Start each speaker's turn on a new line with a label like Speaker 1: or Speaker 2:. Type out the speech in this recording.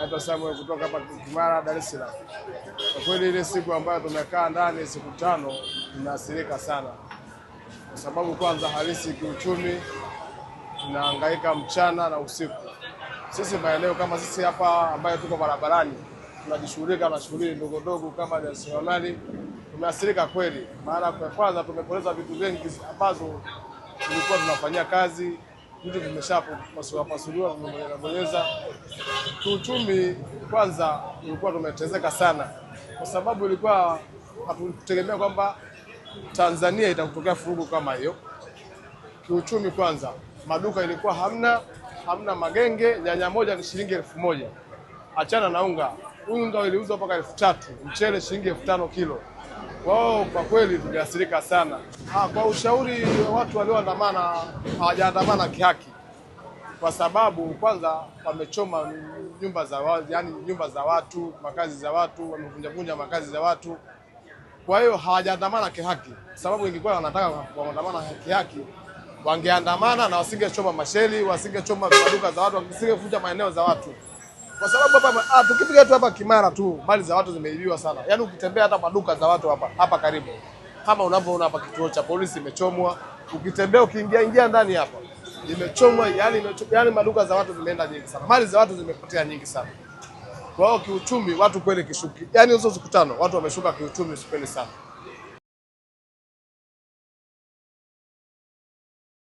Speaker 1: naitwa Samuel kutoka hapa Kimara, Dar es Salaam. Kwa kweli ile siku ambayo tumekaa ndani siku tano, tumeathirika sana, kwa sababu kwanza halisi kiuchumi, tunahangaika mchana na usiku. Sisi maeneo kama sisi hapa ambayo tuko barabarani tunajishughulika na shughuli ndogo ndogo kama jasiriamali, tumeathirika kweli. Maana kwa kwanza tumepoteza vitu vingi ambazo tulikuwa tunafanyia kazi vitu vimeshapasuliwa vimebonyeza. Kiuchumi kwanza, ulikuwa tumetezeka sana, kwa sababu ilikuwa hatutegemea kwamba Tanzania itakutokea furugu kama hiyo. Kiuchumi kwanza, maduka ilikuwa hamna, hamna magenge. Nyanya moja ni shilingi elfu moja achana na unga. Unga uliuzwa mpaka elfu tatu mchele shilingi elfu tano kilo Kwao kwa kweli tumeathirika sana. Ha, ah, kwa ushauri wa watu walioandamana hawajaandamana kihaki, kwa sababu kwanza wamechoma nyumba za watu, yani nyumba za watu, makazi za watu, wamevunjavunja makazi za watu. Kwa hiyo hawajaandamana kihaki, sababu ingekuwa wanataka kuandamana kihaki wangeandamana na wasingechoma masheli, wasingechoma maduka za watu, wasingevunja maeneo za watu kwa sababu hapa ah, tukipiga tu hapa Kimara tu mali za watu zimeibiwa sana, yaani ukitembea hata maduka za watu hapa hapa karibu kama unavyoona hapa, kituo cha polisi imechomwa. Ukitembea ukiingia ingia ndani hapa imechomwa, yaani yaani maduka za watu zimeenda nyingi sana, mali za watu zimepotea nyingi sana. Kwa hiyo kiuchumi watu kweli kishuki, yaani hizo zikutano watu wameshuka kiuchumi, sipeli sana.